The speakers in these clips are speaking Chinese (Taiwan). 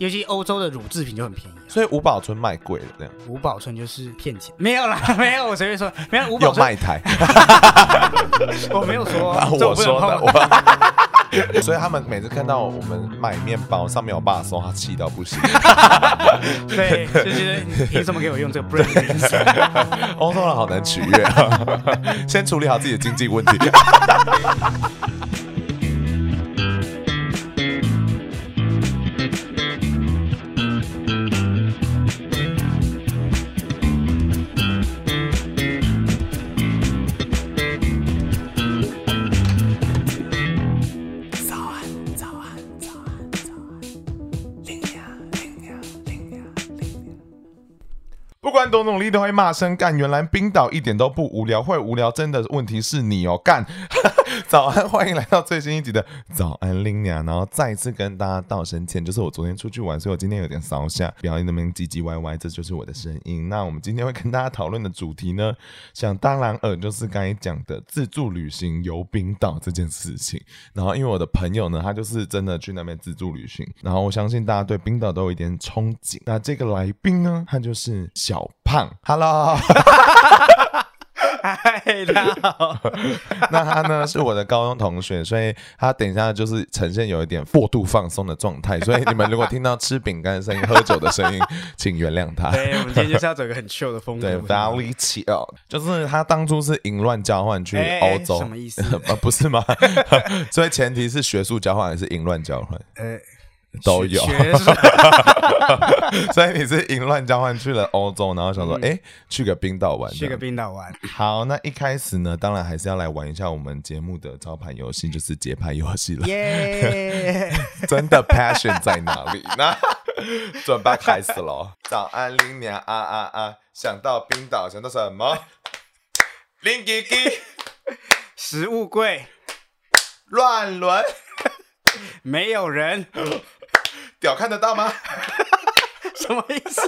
尤其歐洲的乳制品就很便宜，所以吳寶春賣貴了，這樣。吳寶春就是騙錢，沒有啦，沒有，我隨便說，沒有吳寶春。有賣台， 我沒有說，我說的。我我說的我 所以他們每次看到我們買麵包上面我爸說他氣到不行。 對，就是你怎麼給我用這個 brand？歐 對 洲人好難取悅， 先處理好自己的經濟問題，啊。 多努力都會罵聲幹，原來冰島一點都不無聊，會無聊，真的問題是你哦，幹。早安，歡迎來到最新一集的早安拎娘，然後再次跟大家道聲歉，就是我昨天出去玩，所以我今天有點掃下，表演那邊唧唧歪歪，這就是我的聲音。那我們今天會跟大家討論的主題呢，想當然耳、嗯、就是剛才講的自助旅行遊冰島這件事情。然後因為我的朋友呢，他就是真的去那邊自助旅行。然後我相信大家對冰島都有一點憧憬。那這個來賓呢，他就是小胖。Hello。 太亮。那他呢，是我的高中同學，所以他等一下就是呈現有一點過度放鬆的狀態。所以你們如果聽到吃餅乾的聲音、 喝酒的聲音，請原諒他。對， 我們今天就是要走一個很秀的風格，對，大家一起哦。 就是他當初是淫亂交換去歐洲，欸欸，什麼意思啊？ 不是嗎？ 所以前提是學術交換還是淫亂交換？欸都有， 所以你是淫亂交換去了歐洲，然後想說，哎、嗯欸，去個冰島玩。去個冰島玩。好，那一開始呢，當然還是要來玩一下我們節目的招牌遊戲，就是節拍遊戲了。耶、yeah！ 真的 passion 在哪裡呢？ 那準備開始了。 早安，拎娘啊啊啊！想到冰島，想到什麼？ 林吉吉，食 物貴，亂倫， 沒有人。 屌看得到嗎？ 什麼意思？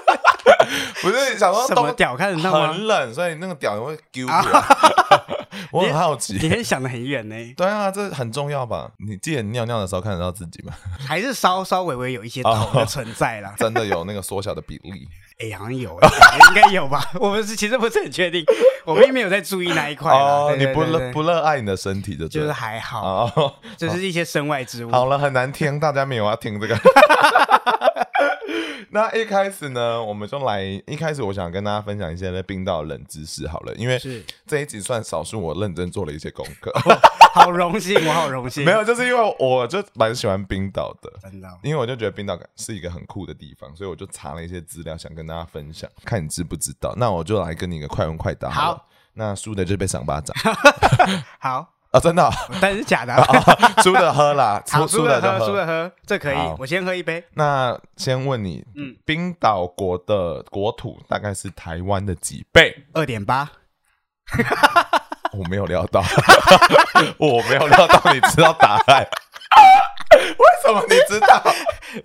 不 是想說， 什麼屌看得到嗎？ 很冷，所以那個屌會丟我。我很好奇，你也想得很遠呢、欸。對啊，這很重要吧？你記得尿尿的時候看得到自己嗎？還是稍稍微微有一些頭的、哦、存在啦。真的有那個縮小的比例？哎、 欸，好像有、欸 欸，應該有吧？我們是其實不是很確定，我並沒有在注意那一塊。哦，對對對對對，你不樂不熱愛你的身體的，就是還好、哦，就是一些身外之物好。好了，很難聽，大家沒有要聽這個。 那一開始呢，我們就來一開始，我想跟大家分享一些那冰島冷知識好了，因為這一集算少數，我認真做了一些功課、 哦，好榮幸， 我好榮榮幸， 沒有就是因為我就蠻喜歡冰島的，因為我就覺得冰島是一個很酷的地方，所以我就查了一些資料想跟大家分享，看你知不知道。那我就來跟你一個快問快答好？好，那輸的就被賞巴掌， 好。啊、哦，真的、哦？但是，是假的、啊哦哦。輸 的喝啦，輸輸的喝，輸的，的喝，這可以。我先喝一杯。那先問你，嗯、冰島國的國土大概是台灣的幾倍？二點八。我沒有料到， 我沒有料到，你知道答案？ 為什麼你知道？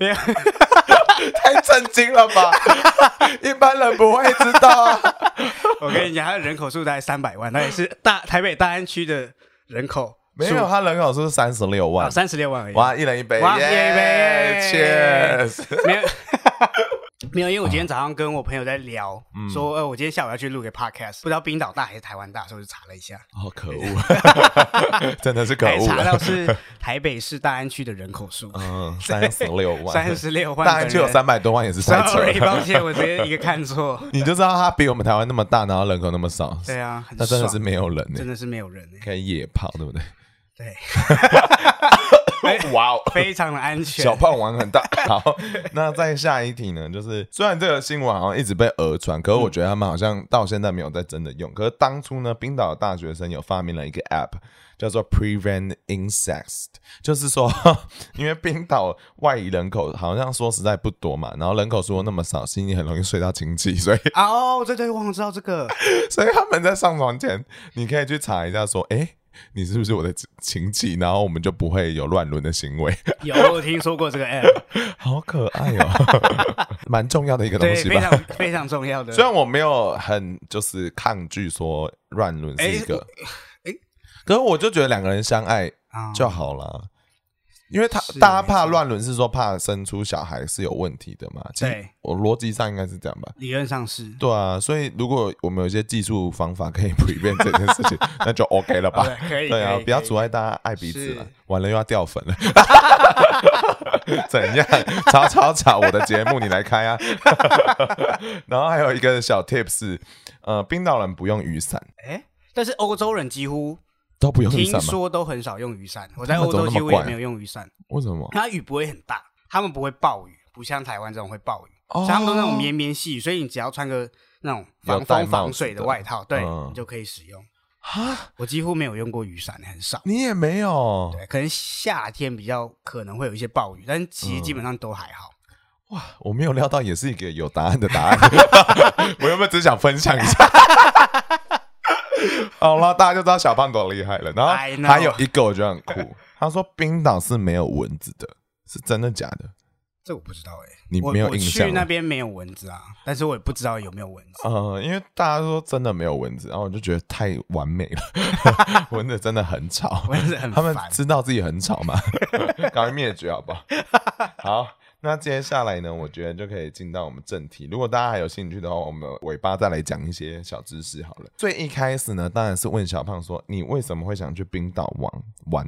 你 太震驚了吧！ 一般人不會知道、啊。 我跟你講，他的人口數大概三百萬，那也是大台北大安區的。人口沒有，他人口是三十六萬，三十六萬，哇，一人一杯，哇，一人一杯，Cheers！ 沒有，因為我今天早上跟我朋友在聊，嗯，說，呃，我今天下午要去錄個 podcast，不知道冰島大還是台灣大，所以我就查了一下。哦，可惡， 真的是可惡。查到是台北市大安區的人口數， 嗯，三十六萬，三十六萬。大安區有三百多萬，也是三十萬。Sorry， 抱歉，我直接一個看錯。 你就知道它比我們台灣那麼大，然後人口那麼少。對啊，那真的是沒有人，真的是沒有人，可以夜跑，對不對？對。 哇 哦、wow，非常的安全。小胖玩很大，好。那再下一題呢？就是雖然這個新聞好像一直被訛傳，可是我覺得他們好像到現在沒有在真的用。嗯、可是當初呢，冰島的大學生有發明了一個 App，叫做 Prevent Incest 就是說，因為冰島外移人口好像說實在不多嘛，然後人口數那麼少，所以很容易睡到親戚。所以哦，哦，對,對對，忘了知道這個。所以他們在上床前，你可以去查一下，說，誒、欸。你是不是我的親戚？然後我們就不會有亂倫的行為。有，我聽說過這個 app， 好可愛哦，蠻 重要的一個東西吧？對，非常非常重要的。雖然我沒有很就是抗拒說亂倫是一個，誒，誒可是我就覺得兩個人相愛就好了。哦因為他大家怕亂倫，是說怕生出小孩是有問題的嘛？對，其實我邏輯上應該是這樣吧。理論上是。對啊，所以如果我們有一些技術方法可以改變這件事情， 那就 OK 了吧？ okay, 對、啊，可以。對啊，不要阻礙大家愛彼此，完了又要掉粉了。 怎樣？吵吵吵！我的節目你來開啊！ 然後還有一個小 Tips 是，呃，冰島人不用雨傘。哎、欸，但是歐洲人幾乎。都不用雨傘嗎？聽說都很少用雨傘，我在歐洲幾乎也沒有用雨傘、啊。為什麼？它雨不會很大，他們不會暴雨，不像台灣這種會暴雨，他、哦、們都那種綿綿細雨，所以你只要穿個那種防風防水的外套，對、嗯，你就可以使用。我幾乎沒有用過雨傘，很少。你也沒有。對，可能夏天比較可能會有一些暴雨，但其實基本上都還好。嗯、哇，我沒有料到也是一個有答案的答案。 我有沒有只想分享一下？ 好 了、哦，大家就知道小胖多厲害了。然後還有一個，我覺得很酷。 他說，冰島是沒有蚊子的，是真的假的？這我不知道哎、欸，你沒有印象？我去那邊沒有蚊子啊、嗯，但是我也不知道有沒有蚊子。嗯，因為大家都說真的沒有蚊子，然後我就覺得太完美了。 蚊子真的很吵 蚊子很，他們知道自己很吵嗎？搞、 嗯、滅絕好不好？好。那接下來呢，我覺得就可以進到我們正題。如果大家還有興趣的話，我們尾巴再來講一些小知識好了。最一開始呢，當然是問小胖說：“你為什麼會想去冰島玩玩？”玩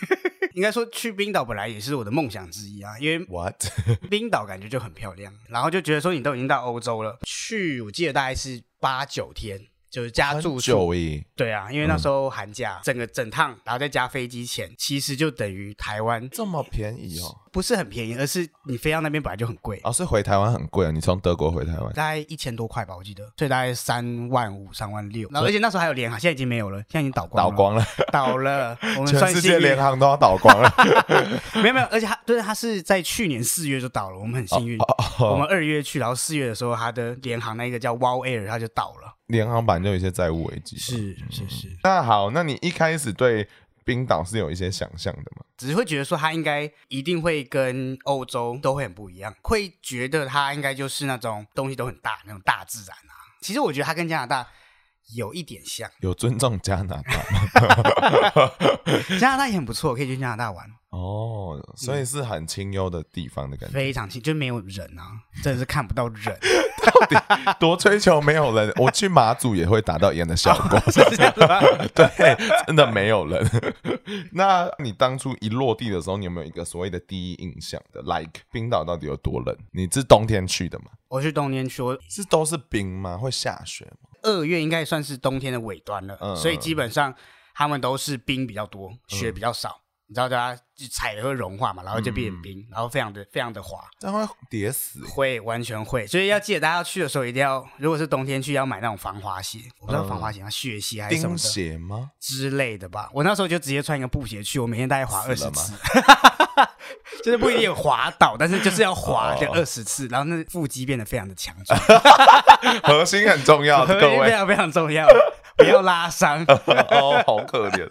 應該說去冰島本來也是我的夢想之一啊，因為 what 冰島感覺就很漂亮，然後就覺得說你都已經到歐洲了，去我記得大概是八九天。就是加住宿誒，對啊，因為那時候寒假，嗯、整個整趟，然後再加飛機錢，其實就等於台灣這麼便宜哦？不是很便宜，而是你飛到那邊本來就很貴。哦，是回台灣很貴啊，你從德國回台灣，大概一千多塊吧，我記得，所以大概三萬五、三萬六。然後而且那時候還有聯航，現在已經沒有了，現在已經倒光了，倒光了，倒了。 全世界聯航都要倒光了， 沒有沒有，而且它就是它是在去年四月就倒了，我們很幸運，oh, oh, oh. 我們二月去，然後四月的時候它的聯航那個叫 WOW Air 它就倒了。廉航版就有一些債務危機，是是是,是、嗯。那好，那你一開始對冰島是有一些想象的嗎？只是會覺得說它應該一定會跟歐洲都會很不一樣，會覺得它應該就是那種東西都很大那種大自然啊。其實我覺得它跟加拿大有一點像，有尊重加拿大嗎 加拿大也很不錯，可以去加拿大玩。哦，所以是很清幽的地方的感覺、嗯，非常清，就沒有人啊，真的是看不到人。 到底多追求沒有人？ 我去馬祖也會達到一樣的效果。 對， 真的沒有人。 那你當初一落地的時候，你有沒有一個所謂的第一印象的？Like 冰島到底有多冷？你是冬天去的嗎？我去冬天去，我是都是冰嗎？會下雪嗎？二月應該算是冬天的尾端了、嗯，所以基本上他們都是冰比較多，雪比較少。嗯你知道對吧？它踩的會融化嘛，然後就變成冰、嗯，然後非常的非常的滑，會跌死。會完全會，所以要記得大家去的時候一定要，如果是冬天去要買那種防滑鞋。我、嗯、道防滑鞋，雪鞋還是什麼鞋嗎？之類的吧。我那時候就直接穿一個布鞋去，我每天大概滑二十次， 就是不一定滑倒， 但是就是要滑就二十次、哦，然後那腹肌變得非常的強 核心很重要， 核，要各位核非常非常重要。 不要拉傷哦， 好可憐。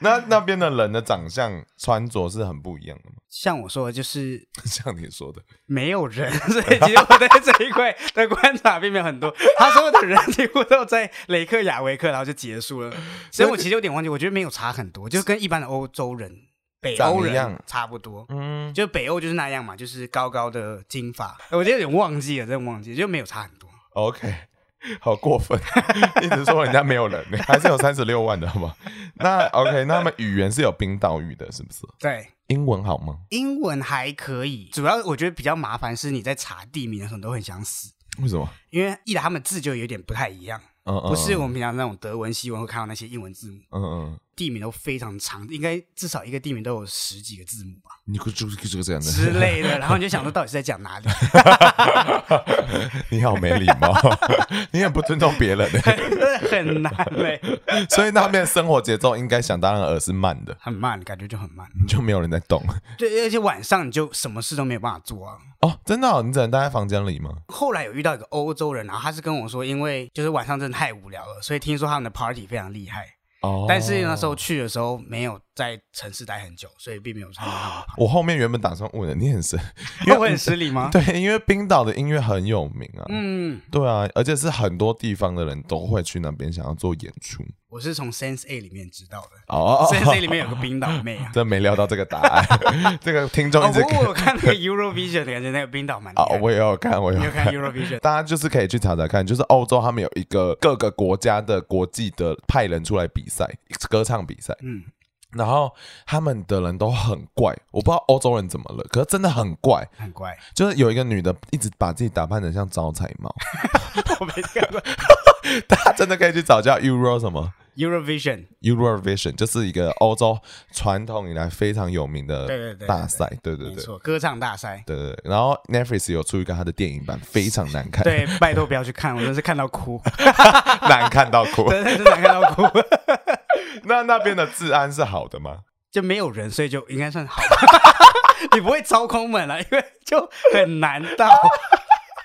那那邊的人的長相、穿着是很不一樣的嗎？像我說的，就是像你說的，沒有人。所以其實我在這一塊的觀察並沒有很多。他說的人幾乎都在雷克雅維克，然後就結束了。所以，我其實有點忘記。我覺得沒有差很多，就是跟一般的歐洲人、北歐人差不多。嗯，就北歐就是那樣嘛，就是高高的金髮。我覺得有點忘記了，真的忘記了，就沒有差很多。OK。 好過分， 一直說人家沒有人， 還是有三十六萬的好嗎？ 那 OK，那他們語言是有冰島語的，是不是？對，英文好嗎？英文還可以，主要我覺得比較麻煩是你在查地名的時候都很想死。為什麼？因為一來他們字就有點不太一樣，嗯嗯嗯，不是我們平常那種德文、西文會看到那些英文字母，嗯嗯，嗯。地名都非常長，應該至少一個地名都有十幾個字母吧？你可就是個這樣的之類的，然後你就想說到底是在講哪裡？ 你好沒禮貌， 你很不尊重別人呢， 很難嘞、欸，所以那邊的生活節奏應該想當然爾是慢的，很慢，感覺就很慢，你就沒有人在動。對，而且晚上你就什麼事都沒有辦法做啊！哦，真的、哦，你只能待在房間裡嗎？後來有遇到一個歐洲人，然後他是跟我說，因為就是晚上真的太無聊了，所以聽說他們的 party 非常厲害。但是那時候去的時候沒有。在城市待很久，所以並沒有唱到。我後面原本打算問的，你很神， 因為我很失禮嗎？ 對，因為冰島的音樂很有名啊。嗯，對啊，而且是很多地方的人都會去那邊想要做演出。我是從 Sense A 裡面知道的。Oh, 哦，Sense A 裡面有個冰島妹啊，嗯、 真沒料到這個答案。 這個聽眾一直看、哦。不，我有看那個 Eurovision 的感覺、 嗯、那個冰島蠻。哦，我也有看，我也有看，也有看 Eurovision。大家就是可以去查查看，就是歐洲他們有一個各個國家的國際的派人出來比賽，歌唱比賽。嗯。然後他們的人都很怪，我不知道歐洲人怎麼了，可是真的很怪，很怪。就是有一個女的一直把自己打扮得像招財貓。我沒看過。大家真的可以去找叫 Euro 什麼 Eurovision Eurovision，就是一個歐洲傳統以來非常有名的對對大賽，對對對，歌唱大賽，對，對對。然後 Netflix 有出一個他的電影版， 非常難看。對，拜托不要去看， 我真是看到哭， 難看到哭， 是真的是難看到哭。 那那邊的治安是好的嗎？就沒有人，所以就應該算好。 你不會闖空門了，因為就很難到，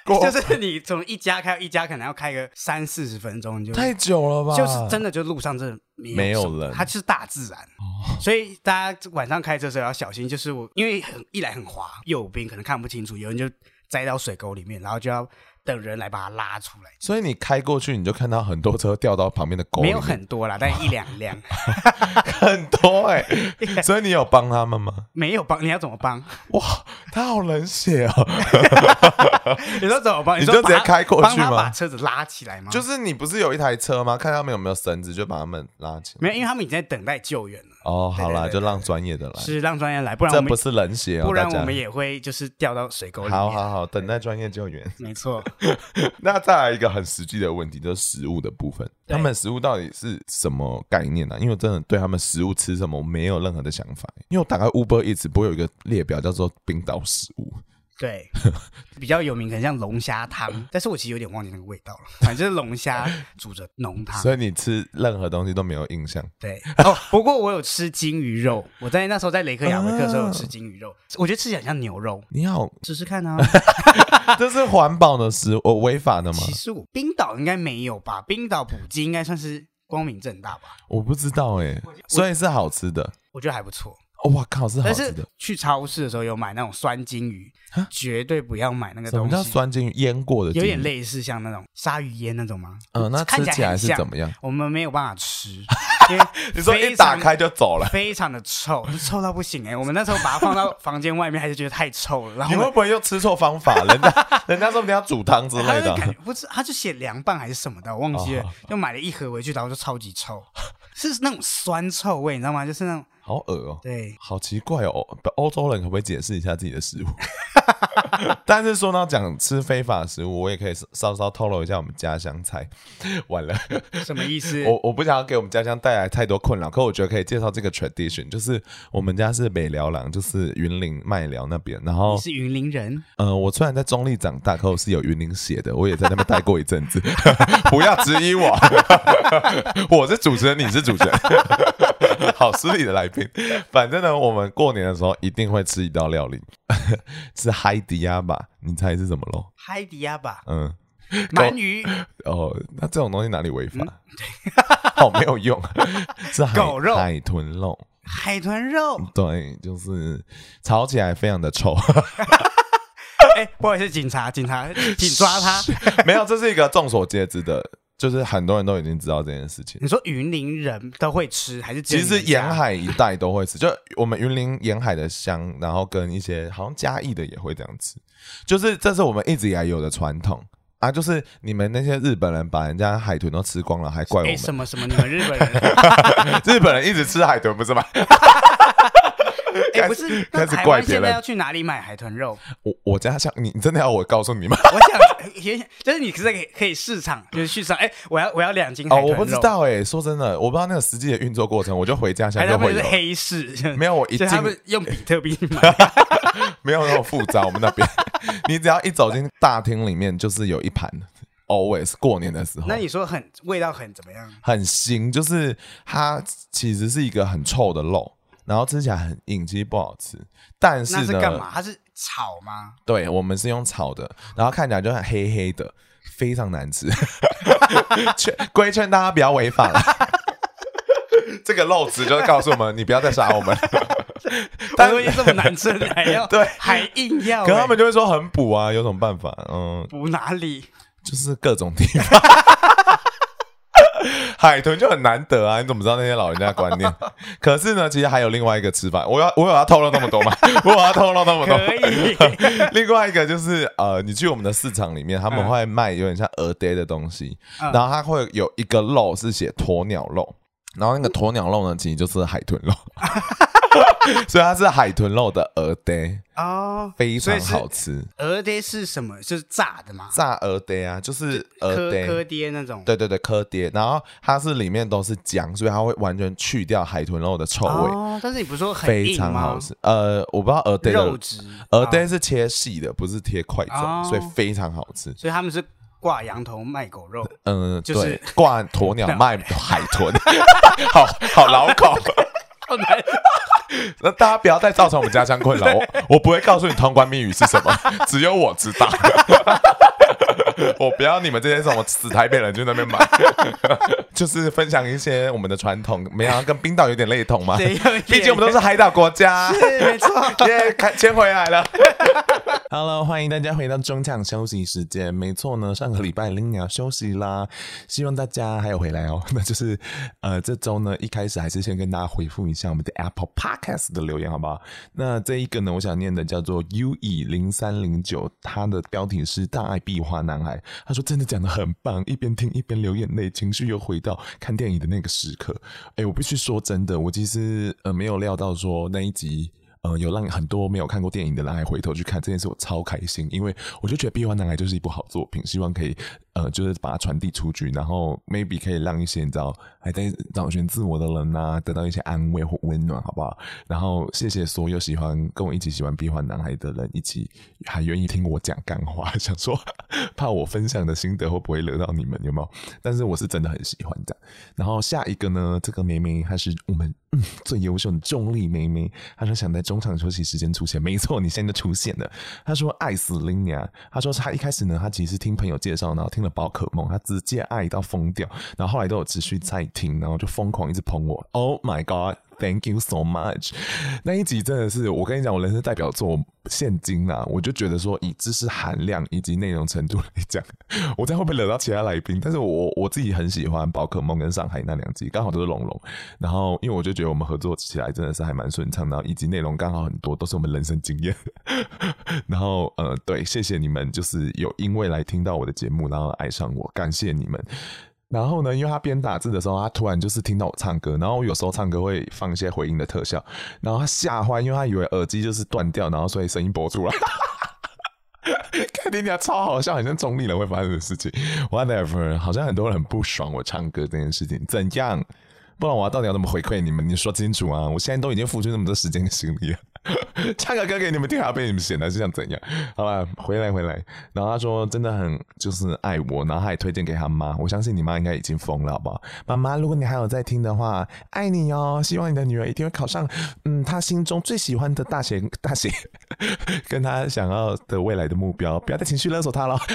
就是你從一家開到一家，可能要開個三四十分鐘，太久了吧？就是真的就路上真的沒有，沒有人，它就是大自然。哦，所以大家晚上開車的時候要小心，就是我因為很一來很滑，右邊可能看不清楚，有人就栽到水溝裡面，然後就要。等人來把他拉出來，所以你開過去，你就看到很多車掉到旁邊的溝裡，沒有很多啦，但一兩輛， 很多哎、欸。所以你有幫他們嗎？ 沒有幫，你要怎麼幫？哇，他好冷血啊！ 你說怎麼幫？你就直接開過去嗎？把車子拉起來嗎？就是你不是有一台車嗎？看他們有沒有繩子，就把他們拉起來。 沒有，因為他們已經在等待救援了。哦，好啦，對對對對，就讓專業的來。是讓專業來，不然這不是冷血、哦，不然我們也會就是掉到水溝裡。好好好，等待專業救援。沒錯。 那再來一個很實際的問題，就是食物的部分。他們食物到底是什麼概念呢、啊？因為真的對他們食物吃什麼我沒有任何的想法。因為我打開 Uber Eats，不會有一個列表叫做冰島食物。對，比較有名，可能像龍蝦湯，但是我其實有點忘記那個味道了。反正龍蝦煮着濃湯， 所以你吃任何東西都沒有印象。對，哦、 不過我有吃鯨魚肉，我在那時候在雷克雅維克的時候有吃鯨魚肉，我覺得吃起來很像牛肉。你好，試試看啊， 這是環保的食物，我違法的嗎？ 其實我冰島應該沒有吧，冰島捕鯨應該算是光明正大吧。我不知道哎、欸，所以是好吃的，我，我，我覺得還不錯。哦、哇靠！是好吃的。但是去超市的時候有買那種酸鯨魚，絕對不要買那個東西。什麼叫酸鯨魚？醃過的鯨魚，有點類似像那種鯊魚醃那種嗎？嗯，那吃起來是怎麼樣？我們沒有辦法吃 因為，你說一打開就走了，非常的臭，就臭到不行哎、欸！我們那時候把它放到房間外面，還是覺得太臭了。然後你會不會用吃錯方法？人家 人家說不要煮湯之類的、啊感覺，不是，他就寫涼拌還是什麼的，我忘記了、哦，就買了一盒回去，然後就超級臭，是那種酸臭味，你知道嗎？就是那種。好惡哦，喔，對，好奇怪哦，喔。歐洲人可不可以解釋一下自己的食物？ 但是說到講吃非法食物，我也可以稍稍透露一下我們家鄉菜。完了，什麼意思？我我不想要給我們家鄉帶來太多困擾，可我覺得可以介紹這個 tradition，就是我們家是麥寮郎，就是雲林麥寮那邊。然後你是雲林人，嗯、呃，我雖然在中立長大，可是，我是有雲林血的，我也在那邊待過一陣子。 不要質疑我， 我是主持人，你是主持人。 好失禮的來賓，反正呢，我們過年的時候一定會吃一道料理，呵呵，是海底鴨吧？你猜是什麼嘍？海底鴨吧？嗯，鰻魚。哦，那這種東西哪裡違法？好、嗯哦、沒有用， 是海狗肉、海豚肉、海豚肉。對，就是炒起來非常的臭。哎、 欸，不好意思警察，警察，請抓他。 沒有，這是一個眾所皆知的。就是很多人都已經知道這件事情。你說雲林人都會吃，還是其實是沿海一帶都會吃，就是我們雲林沿海的鄉，然後跟一些好像嘉義的也會這樣吃，就是這是我們一直以來有的傳統啊。就是你們那些日本人把人家海豚都吃光了，還怪我們，誒什麼什麼？你們日本人， 日本人一直吃海豚不是嗎？ 哎、欸，不是，開始開始怪那海豚現在要去哪裡買海豚肉？我我家鄉，你真的要我告訴你嗎？我想，就是你可以在可以市場，就是去上，哎、欸，我要我要兩斤。哦，我不知道哎、欸，說真的，我不知道那個實際的運作過程，我就回家鄉就會有。黑市沒有，他們用比特幣。 沒有那麼複雜，我們那邊， 你只要一走進大廳裡面，就是有一盤 ，Always 過年的時候。那你說很味道很怎麼樣？很腥，就是它其實是一個很臭的肉。然後吃起來很硬，其實不好吃。但是呢，那是幹嘛？它是炒嗎？對，我們是用炒的，然後看起來就很黑黑的，非常難吃。 規勸大家不要違法了。 這個漏子，就告訴我們， 你不要再殺我們。為 什麼難吃？還要 對，還硬要、欸？可他們就會說很補啊，有什麼辦法？嗯，補哪裡？就是各種地方。 海豚就很難得啊！你怎麼知道那些老人家觀念？ 可是呢，其實還有另外一個吃法。我要，我有要透露那麼多嗎？ 我有要透露那麼多、可以、嗯。另外一個就是呃，你去我們的市場裡面，他們會賣有點像耳爹的東西，嗯、然後他會有一個肉是寫鴕鳥肉，然後那個鴕鳥肉呢，其實就是海豚肉。 所以它是海豚肉的蚵爹哦，oh, 非常好吃。蚵爹是什麼？就是炸的嗎？炸蚵爹啊，就是蚵爹，爹那種。對對對，蚵爹，然後它是裡面都是薑，所以它會完全去掉海豚肉的臭味。Oh, 但是你不說很硬嗎？非常好吃。呃，我不知道蚵爹的肉質。蚵、oh. 爹是切細的，不是貼塊狀，oh. 所以非常好吃。所以他們是掛羊頭賣狗肉。嗯，就是、對，掛鴕鳥賣海豚， 好好老口。 那大家不要再造成我們家鄉困擾，我我不會告訴你通關密語是什麼， 只有我知道。 我不要你們這些什麼死台北人去那邊買， 就是分享一些我們的傳統，沒有跟冰島有點類同嘛？畢 竟我們都是海島國家， 是沒錯。耶、 yeah，牽回來了。 哈嘍，歡迎大家回到中場休息時間。沒錯呢，上個禮拜拎娘休息啦，希望大家還有回來哦。那就是呃，這週呢一開始還是先跟大家回復一下我們的 Apple Podcast 的留言，好不好？那這一個呢，我想念的叫做 U E 零三零九，他的標題是《大愛壁花男孩》。他說真的講得很棒，一邊聽一邊流眼淚，情緒又回到看電影的那個時刻。哎，我必須說真的，我其實呃沒有料到說那一集。呃，有讓很多沒有看過電影的男孩回頭去看這件事，我超開心，因為我就覺得《壁花男孩》就是一部好作品，希望可以呃，就是把它傳遞出去，然後 maybe 可以讓一些你知道還在找尋自我的人吶、啊，得到一些安慰或溫暖，好不好？然後謝謝所有喜歡跟我一起喜歡《壁花男孩》的人，一起還願意聽我講幹話，想說怕我分享的心得會不會惹到你們，有沒有？但是我是真的很喜歡的。然後下一個呢，這個妹妹，她是我們、嗯、最優秀的重力妹妹，她是想在。中場休息時間出現，沒錯，你現在出現了。他說愛死拎娘，他說他一開始呢，他其實是聽朋友介紹，然後聽了寶可夢，他直接愛到瘋掉，然後後來都有持續在聽，然後就瘋狂一直捧我。Oh my god！Thank you so much。那一集真的是，我跟你講，我人生代表作，現今啊，我就覺得說，以知識含量以及內容程度來講，我真會不會惹到其他來賓？但是我我自己很喜歡寶可夢跟上海那兩集，剛好都是龍龍。然後，因為我就覺得我們合作起來真的是還蠻順暢，然後以及內容剛好很多都是我們人生經驗。 然後，呃，對，謝謝你們，就是有因為來聽到我的節目，然後愛上我，感謝你們。然後呢，因為他邊打字的時候，他突然就是聽到我唱歌。然後我有時候唱歌會放一些回音的特效。然後他嚇壞，因為他以為耳機就是斷掉，然後所以聲音播出來。哈哈哈！哈，看，聽起來超好笑，好像中立人會發生的事情。Whatever，好像很多人很不爽我唱歌這件事情。怎樣？不然我到底要怎麼回饋你們？你說清楚啊！我現在都已經付出那麼多時間跟精力了。 唱個歌給你們聽，還要被你們寫還是想怎樣？好吧，回來回來。然後他說，真的很就是很愛我，然後他還推薦給他媽。我相信你媽應該已經瘋了，好不好？媽媽，如果你還有在聽的話，愛你哦。希望你的女兒一定會考上，嗯，他心中最喜歡的大學，大學跟他想要的未來的目標，不要再情緒勒索他了。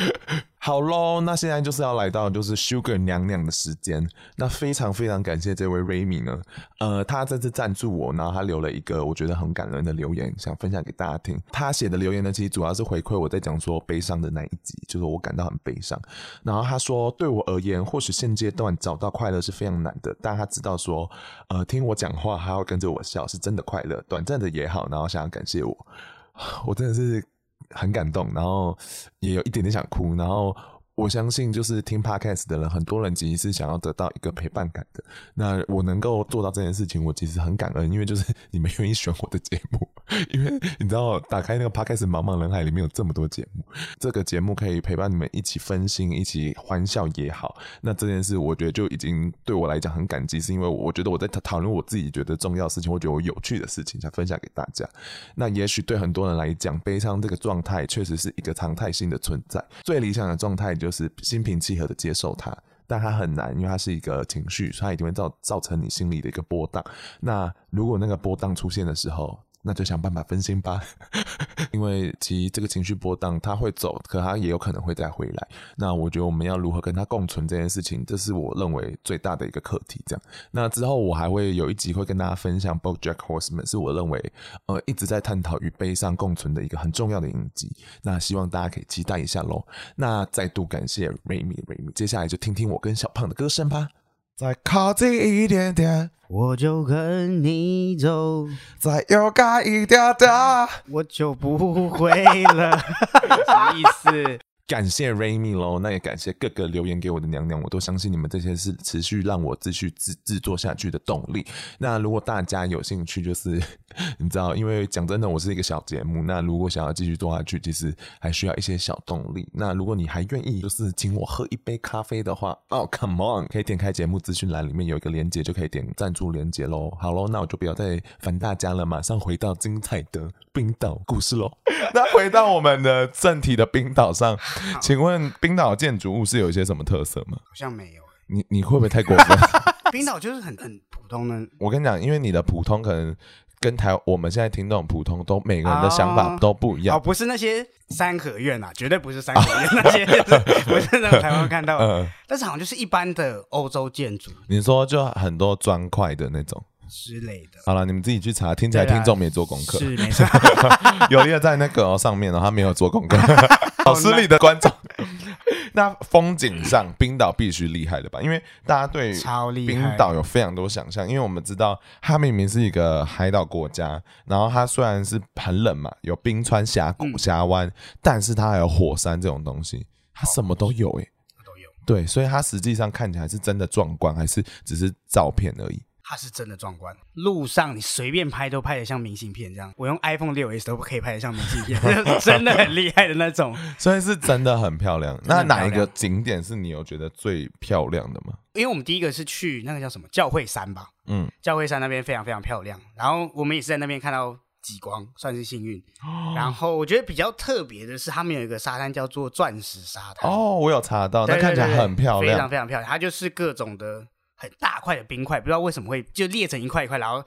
好咯，那現在就是要來到就是 Sugar 娘娘的時間。那非常非常感謝這位 Remy 呢，呃，他這次贊助我，然後他留了一個我覺得很感人的留言，想分享給大家聽。他寫的留言呢，其實主要是回饋我在講說悲傷的那一集，就是我感到很悲傷。然後他說，對我而言，或許現階段找到快樂是非常難的，但他知道說，呃，聽我講話還要跟着我笑，是真的快樂，短暫的也好。然後想要感謝我， 我真的是。很感動，然後也有一點點想哭，然後。我相信，就是聽 Podcast 的人，很多人其實是想要得到一個陪伴感的。那我能夠做到這件事情，我其實很感恩，因為就是你們願意選我的節目，因為你知道，打開那個 Podcast 茫茫人海裡面有這麼多節目，這個節目可以陪伴你們一起分心，一起歡笑也好。那這件事，我覺得就已經對我來講很感激，是因為我覺得我在討討論我自己覺得重要的事情，我覺得我有趣的事情，想分享給大家。那也許對很多人來講，悲傷這個狀態確實是一個常態性的存在，最理想的狀態就是。就是心平氣和的接受它，但它很難，因為它是一個情緒，所以它一定會造造成你心裡的一個波蕩。那如果那個波蕩出現的時候，那就想辦法分心吧， 因為其實這個情緒波盪，他會走，可他也有可能會再回來。那我覺得我們要如何跟他共存這件事情，這是我認為最大的一個課題。這樣，那之後我還會有一集會跟大家分享《BoJack Horseman》，是我認為呃一直在探討與悲傷共存的一個很重要的影集。那希望大家可以期待一下嘍。那再度感謝 Remy Remy，接下來就聽聽我跟小胖的歌聲吧。再靠近一點點，我就跟你走；再勇敢一點點，我就不會了。 什麼意思？感謝 Rainy 嘍，那也感謝各個留言給我的娘娘，我都相信你們這些是持續讓我繼續製製作下去的動力。那如果大家有興趣，就是。你知道，因為講真的，我是一個小節目。那如果想要繼續做下去，其實還需要一些小動力。那如果你還願意，就是請我喝一杯咖啡的話，哦、oh，Come on，可以點開節目資訊欄裡面有一個連結，就可以點贊助連結嘍。好嘍，那我就不要再煩大家了，馬上回到精彩的冰島故事嘍。 那回到我們的正題的冰島上，請問冰島建築物是有一些什麼特色嗎？好像沒有。你你會不會太過分？ 冰島就是很很普通呢。我跟你講，因為你的普通可能。跟台我們現在聽到普通都每個人的想法都不一樣哦,哦，不是那些三合院啊，絕對不是三合院 那些、就是，不是在台灣看到、嗯，但是好像就是一般的歐洲建築。嗯、你說就很多磚塊的那種之類的。好了，你們自己去查，聽起來聽眾沒做功課、啊、是沒錯。 有一個在那個、哦、上面然後、哦、他沒有做功課， 好失禮的觀眾。Oh, 那風景上，冰島必須厲害的吧？因為大家對冰島有非常多想象，因為我們知道它明明是一個海島國家，然後它雖然是很冷嘛，有冰川峽谷、峽灣，但是它還有火山這種東西，它什麼都有誒，都有。對，所以它實際上看起來是真的壯觀，還是只是照片而已？那、啊、是真的壯觀，路上你隨便拍都拍得像明信片這樣，我用 iPhone 六 S 都可以拍得像明信片， 真的很厲害的那種。所以是真的，真的很漂亮。那哪一個景點是你有覺得最漂亮的嗎？因為我們第一個是去那個叫什麼教會山吧，嗯，教會山那邊非常非常漂亮。然後我們也是在那邊看到極光，算是幸運，哦。然後我覺得比較特別的是，他們有一個沙灘叫做鑽石沙灘。哦，我有查到對對對對。那看起來很漂亮，非常非常漂亮。它就是各種的。很大塊的冰塊，不知道為什麼會就裂成一塊一塊，然後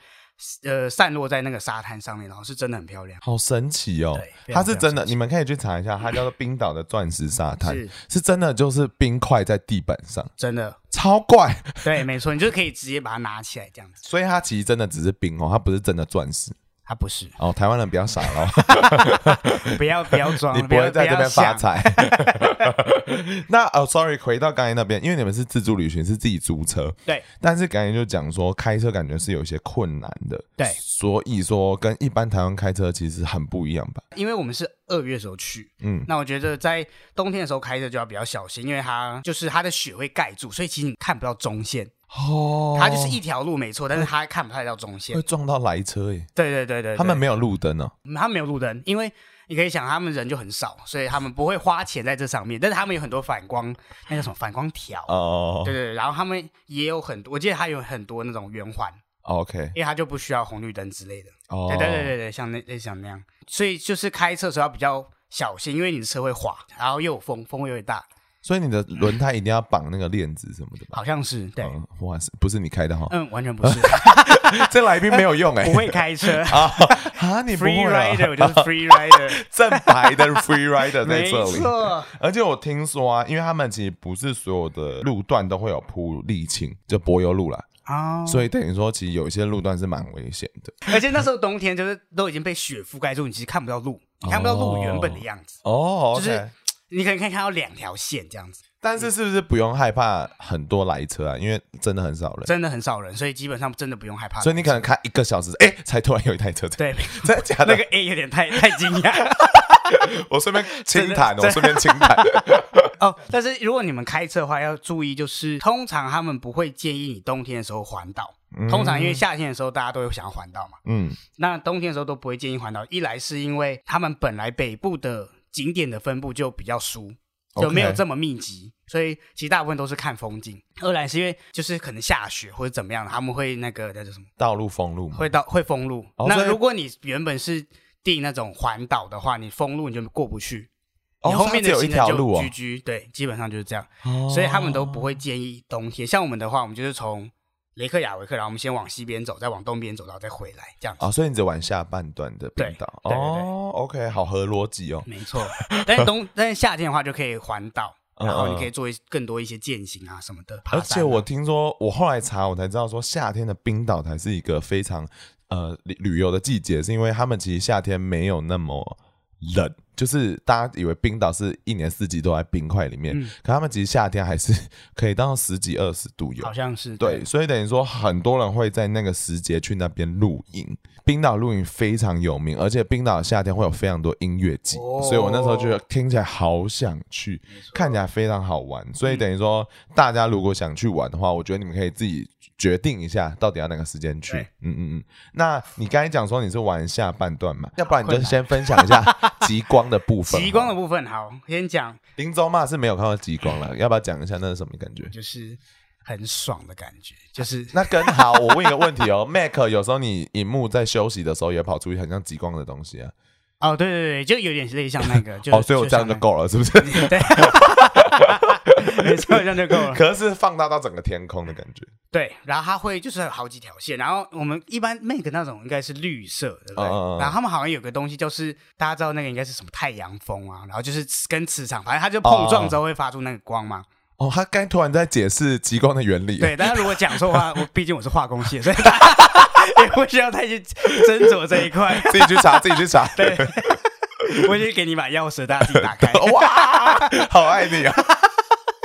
呃散落在那個沙灘上面，然後是真的很漂亮，好神奇哦，對，非常非常神奇！它是真的，你們可以去查一下，它叫做冰島的鑽石沙灘， 是真的，就是冰塊在地板上，真的超怪，對，沒錯，你就可以直接把它拿起來這樣子， 所以它其實真的只是冰哦，它不是真的鑽石。他、啊、不是哦，台灣人比較傻咯。 不要不要裝，你不會在這邊發財。 那哦、oh，sorry，回到剛才那邊，因為你們是自助旅行，是自己租車，對。但是剛才就講說開車感覺是有一些困難的，對。所以說跟一般台灣開車其實很不一樣吧？因為我們是二月的時候去，嗯，那我覺得在冬天的時候開車就要比較小心，因為它就是它的雪會蓋住，所以其實你看不到中線。哦，它就是一條路沒錯，但是它看不太到中線，會撞到來車耶、欸。對對對對，他們沒有路燈哦，他們沒有路燈，因為你可以想他們人就很少，所以他們不會花錢在這上面。但是他們有很多反光，那個什麼反光條哦。Oh. 對對，然後他們也有很多，我記得他有很多那種圓環。OK，因為他就不需要紅綠燈之類的。哦，對對對對對，像那那像那樣，所以就是開車的時候要比較小心，因為你的車會滑，然後又有風，風又會大。所以你的輪胎一定要綁那個鏈子什麼的吧？好像是，對，哇、嗯，不是你開的哈、哦？嗯，完全不是， 這來賓沒有用哎、欸， 不會開車啊，你 free rider，我就是 free rider， 正牌的 free rider 在， 在這裡。沒錯，而且我聽說啊，因為他們其實不是所有的路段都會有鋪瀝青，就柏油路啦，哦、oh.，所以等於說其實有一些路段是蠻危險的。而且那時候冬天就是都已經被雪覆蓋住，你其實看不到路，oh. 看不到路原本的樣子，哦、oh. oh,，okay. 就是。你可能可以看到兩條線這樣子，但是是不是不用害怕很多來車啊？因為真的很少人，真的很少人，所以基本上真的不用害怕。所以你可能開一個小時，哎、欸，才突然有一台車。對，對 的、的。那個 A 有點太太驚訝 我。我順便輕彈，我順便輕彈。哦， oh, 但是如果你們開車的話，要注意，就是通常他們不會建議你冬天的時候環島。嗯、通常因為夏天的時候，大家都有想要環島嘛。嗯。那冬天的時候都不會建議環島，一來是因為他們本來北部的。景點的分布就比較疏，就沒有這麼密集，okay. 所以其實大部分都是看風景。二來是因為就是可能下雪或者怎麼樣的，他們會那個叫什麼道路封路，會到會封路、哦。那如果你原本是訂那種環島的話，你封路你就過不去，哦、你後面的就 GG,、哦、有一條路居、啊，對，基本上就是這樣、哦，所以他們都不會建議冬天。像我們的話，我們就是從。雷克雅維克，然後我們先往西邊走，再往東邊走，然後再回來，這樣子。啊、哦，所以你只玩下半段的冰島。對，對對對哦，OK，好合邏輯哦。沒錯，但是冬， 但是夏天的話就可以環島，嗯嗯，然後你可以做更多一些健行啊什麼的。而且我聽說，啊、我後來查我才知道說，夏天的冰島才是一個非常呃旅遊的季節，是因為他們其實夏天沒有那麼冷。就是大家以為冰島是一年四季都在冰塊裡面，嗯，可他們其實夏天還是可以當作十幾二十度有，好像是對，對，所以等於說很多人會在那個時節去那邊露營。冰島露營非常有名，而且冰島夏天會有非常多音樂節，哦，所以我那時候就聽起來好想去，看起來非常好玩。所以等於說大家如果想去玩的話，嗯，我覺得你們可以自己決定一下到底要哪個時間去。嗯嗯嗯，那你剛才講說你是玩下半段嘛？要不然你就先分享一下極光。 的部分，極光的部分、哦，好，先講。拎娘嘛，是沒有看到極光了， 要不要講一下那是什麼感覺？就是很爽的感覺，就是 那更好。我問一個問題哦 ，Mac，有時候你熒幕在休息的時候也跑出去，很像極光的東西啊？哦，對對對，就有點類像那個， 就、 哦、所以我這樣就夠了，是不是？ 對。 沒錯，這樣就夠了。可是，是放大到整個天空的感覺。對，然後它會就是有好幾條線，然後我們一般 make 那種應該是綠色，對不對？嗯、然後他們好像有個東西，就是大家知道那個應該是什麼太陽風啊，然後就是跟磁場，反正它就碰撞之後會發出那個光嘛，嗯。哦，他剛突然在解釋極光的原理，啊。對，但家如果講的話我畢竟我是化工系，所以他 也不需要太去斟酌這一塊， 自己去查，自己去查。對，我先給你把鑰匙，大家自己打開。 哇，好愛你啊！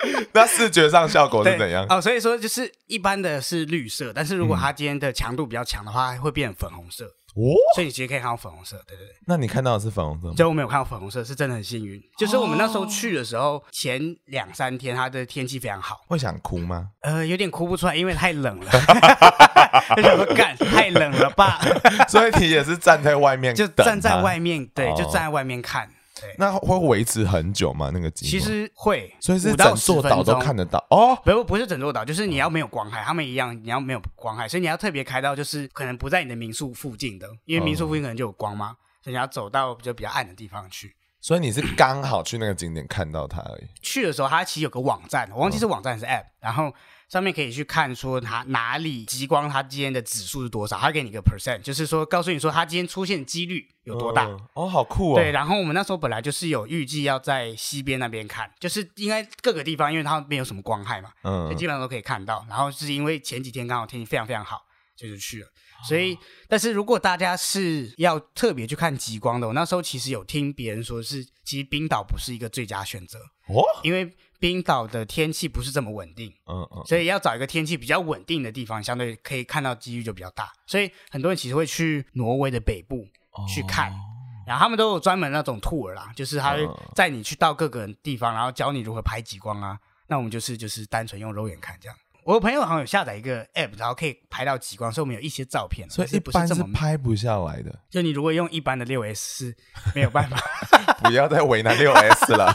那視覺上效果是怎樣啊、哦？所以說就是一般的是綠色，但是如果它今天的強度比較強的話，會變成粉紅色。哦、嗯，所以你其實可以看到粉紅色，對對對。那你看到的是粉紅色嗎？就我沒有看到粉紅色，是真的很幸運。就是我們那時候去的時候，哦、前兩三天它的天氣非常好。會想哭嗎？呃，有點哭不出來，因為太冷了。什麼干？太冷了吧？ 所以你也是站在外面，就站在外面，對，哦、就站在外面看。對，那會維持很久嗎？那個其實會，所以是整座島都看得到、到哦。不，不是整座島，就是你要沒有光害、哦，他們一樣。你要沒有光害，所以你要特別開到，就是可能不在你的民宿附近的，因為民宿附近可能就有光嘛，哦，所以你要走到比較比較暗的地方去。所以你是剛好去那個景點看到它而已。去的時候，它其實有個網站，我忘記是網站還是 App，、嗯、然後上面可以去看說它哪裡極光，它今天的指數是多少，它給你個 percent，就是說告訴你說它今天出現的幾率有多大。嗯、哦，好酷哦、啊。對，然後我們那時候本來就是有預計要在西邊那邊看，就是應該各個地方因為它沒有什麼光害嘛，嗯，基本上都可以看到。然後是因為前幾天剛好天氣非常非常好，就是去了。所以，但是如果大家是要特別去看極光的，我那時候其實有聽別人說是，其實冰島不是一個最佳選擇，哦，因為冰島的天氣不是這麼穩定，嗯嗯，所以要找一個天氣比較穩定的地方，相對可以看到幾率就比較大。所以很多人其實會去挪威的北部去看，uh... 然後他們都有專門那種兔 o 啦，就是他會在你去到各個地方，然後教你如何拍極光啊。那我們就是就是單純用肉眼看這樣。我朋友好像有下載一個 app，然後可以拍到極光，所以我們有一些照片。所以一般是拍不下來的。就你如果用一般的六 S 是沒有辦法 。不要再為難六 S 了，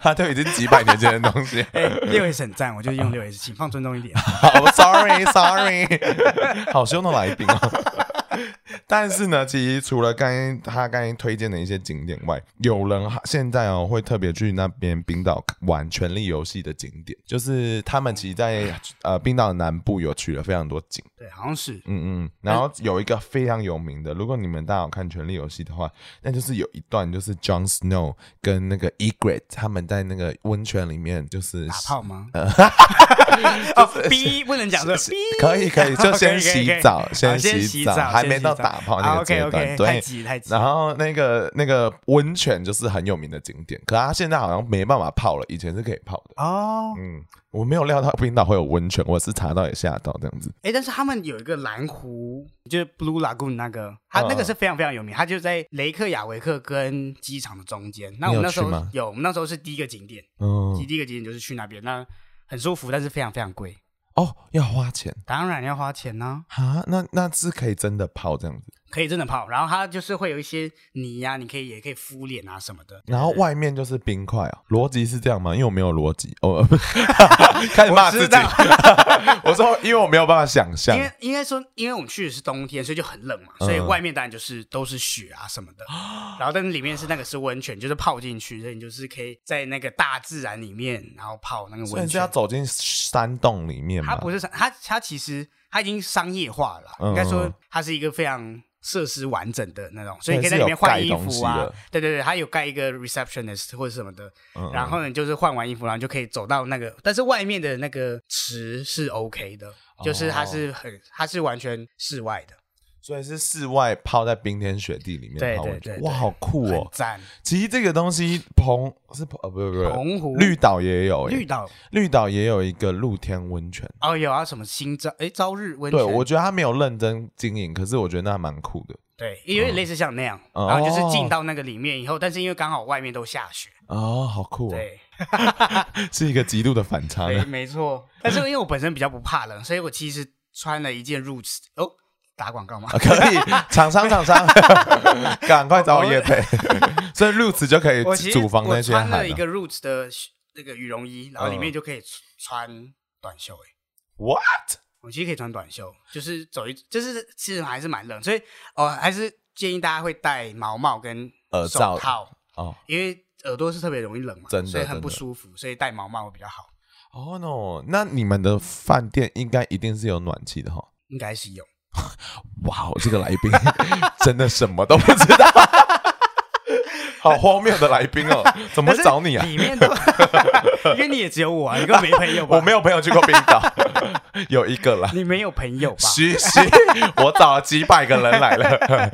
它 都 已經幾百年前的東西， 欸。哎，六 S 很讚，我就用六 S， 請放尊重一點。Oh, sorry, sorry 好，sorry，sorry，好凶的來賓啊。 但是呢，其實除了剛剛他剛剛推薦的一些景點外，有人現在哦、喔、會特別去那邊冰島玩《權力遊戲》的景點，就是他們其實在呃冰島南部有取了非常多景。對，好像是。嗯嗯。然後有一個非常有名的，如果你們大家有看《權力遊戲》的話，那就是有一段就是 Jon Snow 跟那個 Egret 他們在那個溫泉裡面就是打炮嗎？哈 ，B、就是哦、不能講說 B，可以可以，就先洗澡，okay, okay, okay. 先洗澡。沒到打炮那個階段，啊、okay, okay, 對太急太急。然後那個那個溫泉就是很有名的景點，可它現在好像沒辦法泡了，以前是可以泡的。哦，嗯，我沒有料到冰島會有溫泉，我是查到也嚇到這樣子。誒、欸，但是他們有一個藍湖，就是 Blue Lagoon 那個，它那個是非常非常有名，它、哦、就在雷克雅維克跟機場的中間。那我們那時候有，有，我們那時候是第一個景點，哦。第第一個景點就是去那邊，那很舒服，但是非常非常貴。哦，要花錢，當然要花錢呢。啊，那那是可以真的泡這樣子。可以真的泡，然後它就是會有一些泥呀、啊，你可以也可以敷臉啊什麼的對對。然後外面就是冰塊啊，邏輯是這樣嗎？因為我沒有邏輯，哦， 開始罵自己。我， 我說，因為我沒有辦法想象。應應該說，因為我們去的是冬天，所以就很冷嘛，嗯、所以外面當然就是都是雪啊什麼的、嗯。然後但是裡面是那個是溫泉，嗯、就是泡進去，所以你就是可以在那個大自然裡面，然後泡那個溫泉。是要走進山洞裡面嗎？它不是，它它其實它已經商業化了，應、嗯、該說它是一個非常。設施完整的那種，所以你可以在裡面換衣服啊，對對對，它有蓋一個 receptionist 或者什麼的，嗯嗯，然後呢，就是換完衣服，然後就可以走到那個，但是外面的那個池是 OK 的，就是它是很，它、哦、是完全室外的。所以是室外，泡在冰天雪地裡面泡溫泉。對對對對對，哇，好酷哦！讚。其實這個東西澎是澎啊，哦、不，不，不不不，澎湖綠島也有哎，綠島綠島也有一個露天溫泉哦，有啊，什麼新朝誒，朝日溫泉，對我覺得他沒有認真經營，可是我覺得那蠻酷的。對，因為類似像那樣，嗯、然後就是進到那個裡面以後，哦、但是因為剛好外面都下雪哦，好酷哦！對， 是一個極度的反差。沒沒錯， 但是因為我本身比較不怕冷，所以我其實穿了一件入 root... 池哦。打廣告嗎、？ 啊？可以，廠商廠商，趕 快找我業配。 所以 roots 就可以煮房那些我。我，我穿了一個 roots 的那個羽絨衣，嗯，然後裡面就可以穿短袖。欸。哎，what？我其實可以穿短袖，就是走一，就是其實還是蠻冷，所以哦，還是建議大家會戴毛帽跟耳罩套哦，因為耳朵是特別容易冷嘛，真的，所以很不舒服，所以戴毛帽會比較好。哦、oh、no，那你們的飯店應該一定是有暖氣的哈。哦，應該是有。哇哦，這個來賓真的什麼都不知道，好荒謬的來賓哦！怎麼找你啊？裡面因為你也只有我啊。你個沒朋友吧？我沒有朋友去過冰島，有一個啦，你沒有朋友吧？是是，我找了幾百個人來了，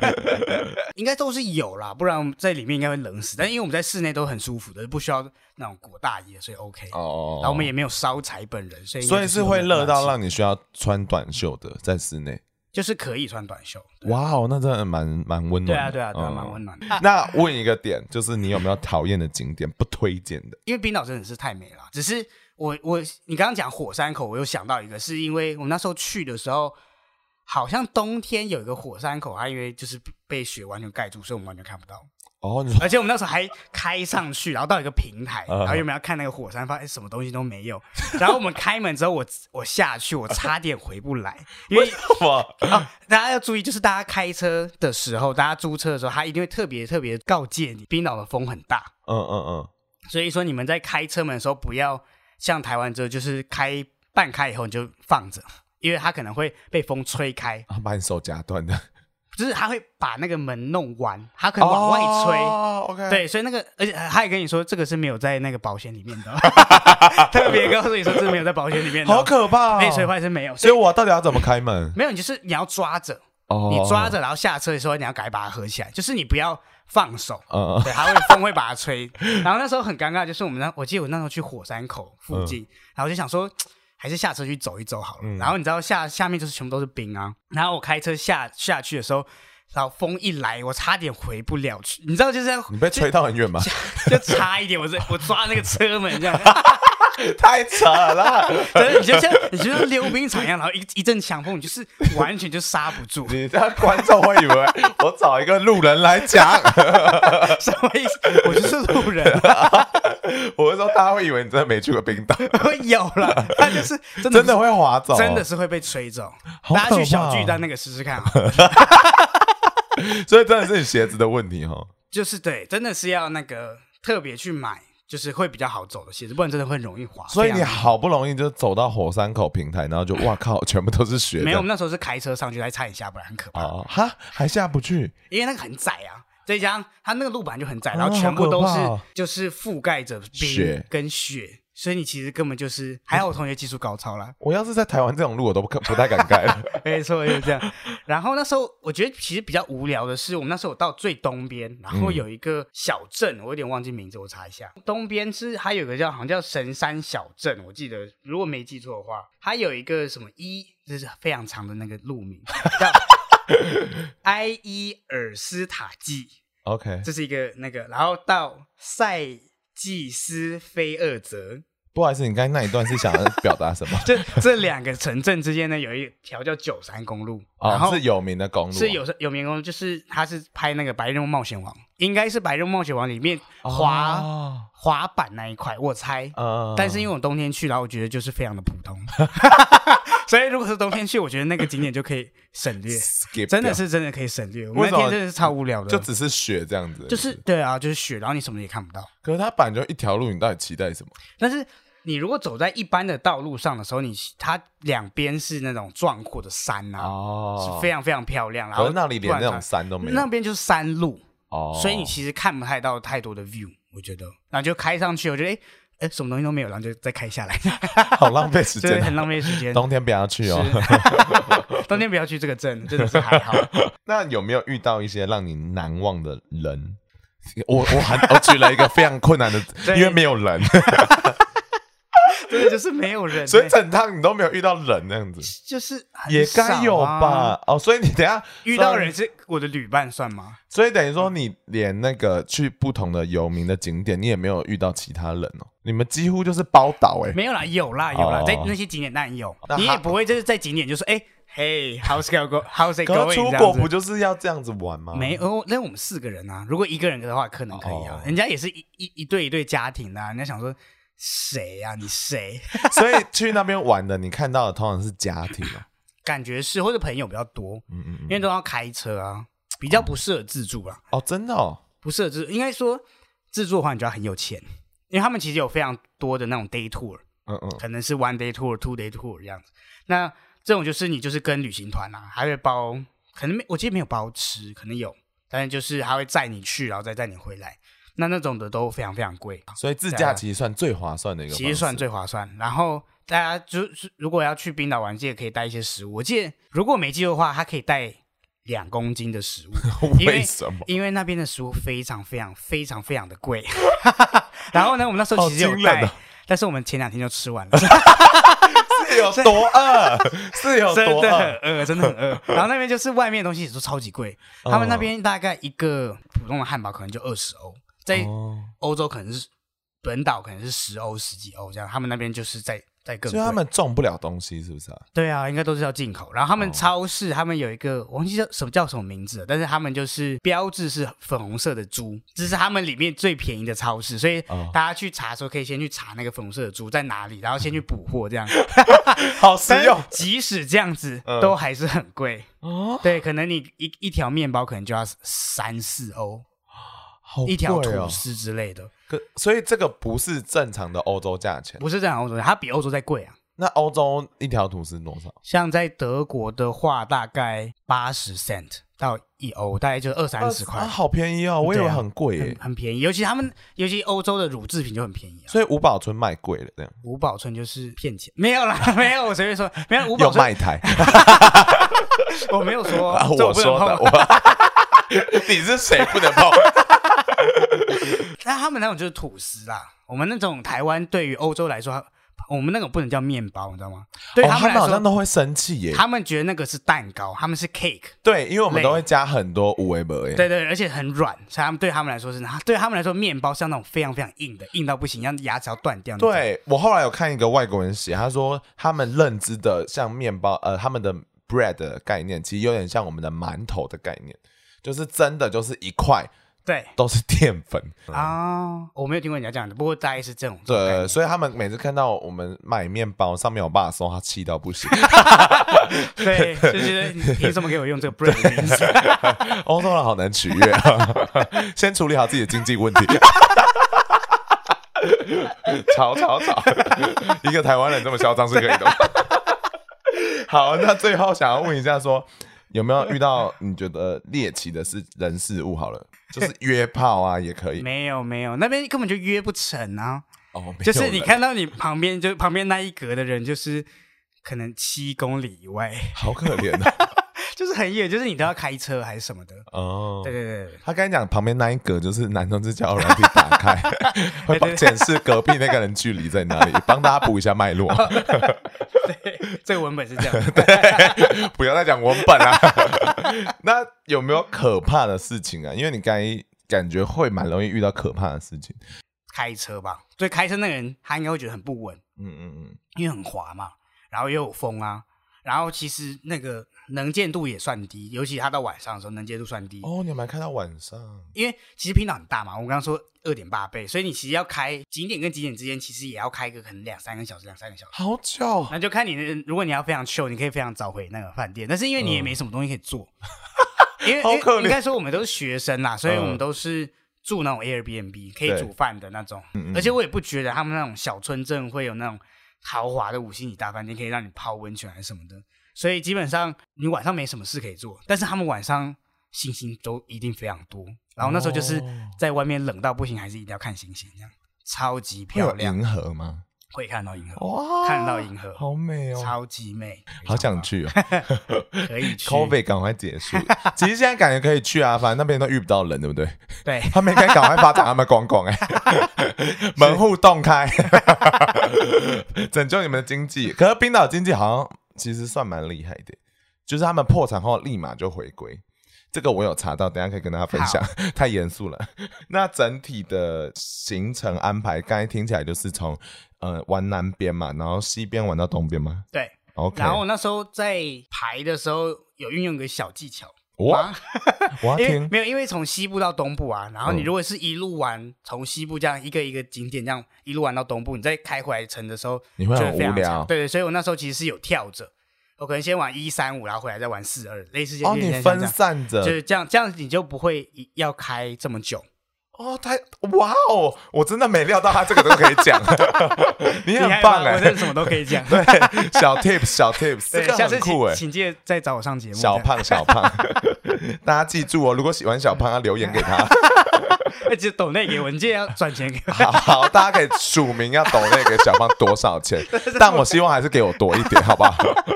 應該都是有啦，不然在裡面應該會冷死。但是因為我們在室內都很舒服的，不需要那種裹大衣，所以 OK 哦哦。然後我們也沒有燒柴，本人所以所以是會熱到讓你需要穿短袖的，在室內。就是可以穿短袖，哇，哦，那真的蠻蠻溫暖。對啊，對啊、嗯，對啊，蠻溫暖的。 那問一個點，就是你有沒有討厭的景點不推薦的？ 因為冰島真的是太美了。只是我我你剛剛講火山口，我又想到一個，是因為我們那時候去的時候，好像冬天有一個火山口，啊、因為就是被雪完全蓋住，所以我們完全看不到。哦、oh，而且我們那時候還開上去，然後到一個平台，uh -huh. 然後有沒有看那個火山，發現什麼東西都沒有。然後我們開門之後我，我 我下去，我差點回不來，因為 ，oh, 大家要注意，就是大家開車的時候，大家租車的時候，他一定會特別特別告誡你，冰島的風很大，嗯嗯嗯，所以說你們在開車門的時候，不要像台灣之後，就是開半開以後你就放着，因為它可能會被風吹開，把你手夾斷的。就是，他會把那個門弄彎，他可以往外吹。Oh, OK，對，所以那個，而且他也跟你說，這個是沒有在那個保險裡面的、哦， 特別告訴你說，這是沒有在保險裡面的、哦， 好可怕、哦，沒吹壞是沒有。所以、欸、我到底要怎麼開門？沒有，你就是你要抓着，oh. 你抓着，然後下車的時候，你要趕緊把它合起來，就是你不要放手。Oh. 對，還會風會把它吹。 然後那時候很尷尬，就是我們那，我記得我那時候去火山口附近，嗯、然後我就想說。還是下車去走一走好了。嗯、然後你知道下下面就是全部都是冰啊。然後我開車下下去的時候，然後風一來，我差點回不了去。你知道，就是要你被吹到很遠嗎？就，就差一點我，我 是我抓那個車門，你知道 嗎？太扯了。 就是你就像你就像溜冰場一樣，然後一一陣強風，你就是完全就剎不住。你知道觀眾會以為我找一個路人來講 什麼意思？我就是路人。 我是說，大家會以為你真的沒去過冰島。 有啦，但就是，真的，是真的會滑走，真的是會被吹走。大家去小巨蛋那個試試看哈 所以真的是你鞋子的問題齁。就是對，真的是要那個特別去買，就是會比較好走的鞋子，不然真的會容易滑。所以你好不容易就走到火山口平台，然後就哇靠， 全部都是雪。沒有，我們那時候是開車上去來猜一下，才差點下不來，很可怕、哦。哈，還下不去，因為那個很窄啊。再加上他那個路板就很窄，嗯，然後全部都是就是覆蓋着冰跟雪，雪，所以你其實根本就是……還好我同學技術高超啦，我要是在台灣這種路，我都不不太敢開。 沒錯，就是、這樣。 然後那時候我覺得其實比較無聊的是，我們那時候我到最東邊，然後有一個小鎮，我有點忘記名字，我查一下。東邊是還有一個叫好像叫神山小鎮，我記得如果沒記錯的話，還有一個什麼一，就是非常長的那個路名。 埃伊爾斯塔基，OK，這是一個那個，然後到塞吉斯菲厄澤。不好意思，你剛才那一段是想表達什麼？這 這兩個城鎮之間呢，有一條叫九三公路， 然後是有名的公路，是有有名的公路，就是他是拍那個《白日夢冒險王》，應該是《白日夢冒險王》裡面滑、oh. 滑，滑板那一塊，我猜。Oh. 但是因為我冬天去，然後我覺得就是非常的普通。 所以如果是冬天去， 我覺得那個景點就可以省略，Skip、真的是真的可以省略。為什麼，我那天真的是超無聊的，就只是雪這樣子。就是對啊，就是雪，然後你什麼也看不到。可是它本來就一條路，你到底期待什麼？但是你如果走在一般的道路上的時候，你它兩邊是那種壯闊的山啊，哦、是非常非常漂亮。啊。可是那裡連那種山都沒有，那邊就是山路哦，所以你其實看不太到太多的 view，我覺得。然後就開上去，我覺得哎。欸哎、欸，什麼東西都沒有，然後就再開下來， 好浪費時間，啊，很浪費時間。冬天不要去哦， 冬天不要去這個鎮，真的是還好。 那有沒有遇到一些讓你難忘的人？ 我我還我去了一個非常困難的， 因為沒有人。 對。 就是沒有人、欸，所以整趟你都沒有遇到人，這樣子就是、啊、也該有吧？哦，所以你等下遇到人是我的旅伴算嗎？所以等於說你連那個去不同的有名的景點，你也沒有遇到其他人哦。你們幾乎就是包島哎，沒有啦，有啦，有啦，哦、在那些景點當然有那，你也不會就是在景點就說哎嘿、欸 hey,，how's it go，how's it go？It going 可出國不就是要這樣子玩嗎？沒、嗯、有，那我們四個人啊，如果一個人的話可能可以啊。哦、人家也是一一一對一對家庭啊，人家想說。誰呀、啊？你誰？ 所以去那邊玩的，你看到的通常是家庭、哦， 感覺是或者朋友比較多。嗯，嗯嗯，因為都要開車啊，比較不適合自助啊、哦。哦，真的哦，不適合自助，應該說自助的話，你就要很有錢。因為他們其實有非常多的那種 day tour。嗯嗯，可能是 one day tour、two day tour 這樣子。那這種就是你就是跟旅行團啊，還會包，可能沒，我記得沒有包吃，可能有，但是就是他會載你去，然後再載你回來。那那種的都非常非常貴，所以自駕其實算最划算的一個。其實算最划算。然後大家就是如果要去冰島玩，記得可以帶一些食物。我記得如果沒記錯的話，它可以帶兩公斤的食物為。為什麼？因為那邊的食物非常非常非常非常的貴。 然後呢，我們那時候其實有帶、哦，但是我們前兩天就吃完了。 是有多餓？是有多餓？真的很餓，真的很餓，然後那邊就是外面的東西也是超級貴、嗯，他們那邊大概一個普通的漢堡可能就二十歐。在歐洲可能是本島可能是十歐十幾歐這樣，他們那邊就是在在各，所以他們種不了東西，是不是啊？對啊，應該都是要進口。然後他們超市，他們有一個我忘記叫什麼叫什麼名字，但是他們就是標誌是粉紅色的豬，這是他們裡面最便宜的超市。所以大家去查的時候，可以先去查那個粉紅色的豬在哪裡，然後先去補貨這樣、嗯。 好實用，即使這樣子都還是很貴哦。對，可能你一一條麵包可能就要三四歐。好哦，一條吐司之類的，可所以這個不是正常的歐洲價錢，不是正常歐洲價錢，它比歐洲再貴啊。那歐洲一條吐司多少？像在德國的話，大概八十 cent 到一歐，大概就二三十塊。好便宜哦，嗯啊，我也以為很貴，欸，很便宜。尤其他們，尤其歐洲的乳制品就很便宜啊。所以吳寶春賣貴了，這樣。吳寶春就是騙錢，沒有啦，沒有， 我隨便說，沒有吳寶春有賣台。 我沒有說，啊，我說的， 我 你是誰不能碰？ 那他們那種就是吐司啦，我們那種台灣對於歐洲來說，我們那種不能叫麵包，你知道嗎？對他們，哦，他們好像都會生氣耶，他們覺得那個是蛋糕，他們是 cake。對，因為我們都會加很多五味粉耶。對，對對，而且很軟，所以他們對他們來說是，對他們來說麵包像那種非常非常硬的，硬到不行，讓牙齒要斷掉。對，我後來有看一個外國人寫，他說他們認知的像麵包，呃，他們的 bread 的概念其實有點像我們的饅頭的概念，就是真的就是一塊。對，都是澱粉哦，嗯 oh，我沒有聽過人家講的，不過大概是這種，種。對，所以他們每次看到我們買麵包上面有爸說他氣到不行。 對，就是你怎麼給我用這個 “bread” 的名字？歐洲人好難取悅， 先處理好自己的經濟問題。 吵吵吵！ 一個台灣人這麼囂張是可以的。 好，那最後想要問一下，說。有沒有遇到你覺得獵奇的事人事物？好了，就是約炮啊，也可以。 沒有，沒有，那邊根本就約不成啊。哦、oh，就是你看到你旁邊， 就旁邊那一格的人，就是可能七公里以外。好可憐啊、哦。 就是很遠，就是你都要開車還是什麼的哦。對對對，他剛才講旁邊那一格就是男同志叫來比打開， 會檢視隔壁那個人距離在哪裡， 幫大家補一下脈絡。哦、 對，這個文本是這樣的。 對，不要再講文本啊。 那有沒有可怕的事情啊？因為你剛才感覺會蠻容易遇到可怕的事情。開車吧，所以開車那個人他應該會覺得很不穩。嗯嗯嗯，因為很滑嘛，然後又有風啊，然後其實那個。能見度也算低，尤其他到晚上的時候，能見度算低。哦、oh，你們還開到晚上？因為其實冰島很大嘛，我剛剛說二點八倍，所以你其實要開景點跟景點之間，其實也要開個可能兩三個小時，兩三個小時。好巧。那就看你的，如果你要非常 chill，你可以非常早回那個飯店，但是因為你也沒什麼東西可以做。嗯、 因為好可因為應該說我們都是學生啦，所以我們都是住那種 Airbnb 可以煮飯的那種，而且我也不覺得他們那種小村鎮會有那種豪華的五星級大飯店可以讓你泡溫泉還是什麼的。所以基本上你晚上沒什麼事可以做，但是他們晚上星星都一定非常多。然後那時候就是在外面冷到不行，還是一定要看星星，這樣超級漂亮。有銀河嗎？會看到銀河，哇，看到銀河，好美哦，超級美，好想去哦。 可以去。COVID 趕快結束， 其實現在感覺可以去啊，反正那邊都遇不到人，對不對？ 對， 他們應該趕快發展他們觀光，光，哎， 門戶洞開， 拯救你們的經濟。可是冰島經濟好像。其實算蠻厲害的，就是他們破產後立馬就回歸，這個我有查到，等下可以跟大家分享。太嚴肅了，那整體的行程安排，剛才聽起來就是從呃玩南邊嘛，然後西邊玩到東邊嘛。對，OK。然後我那時候在排的時候有運用一個小技巧。哇、啊， 因為聽沒有，因為從西部到東部啊，然後你如果是一路玩，從、嗯、西部這樣一個一個景點這樣一路玩到東部，你再開回來城的時候覺得，你會很無聊。對，所以，我那時候其實是有跳着，我可能先玩一三五，然後回來再玩四二、哦，類似這樣。哦，你分散着，就是這樣，這樣你就不會要開這麼久。哦，他哇哦，我真的沒料到他這個都可以講， 你很棒哎，我真的什麼都可以講， 對，小 tips 小 tips，這個很酷哎，請記得再找我上節目，小胖小胖， 大家記住哦，如果喜歡小胖，要留言給他。 而 且抖內給文件要賺錢給我，好，好，大家可以署名要抖內給小胖多少錢？ 但我希望還是給我多一點， 好不好？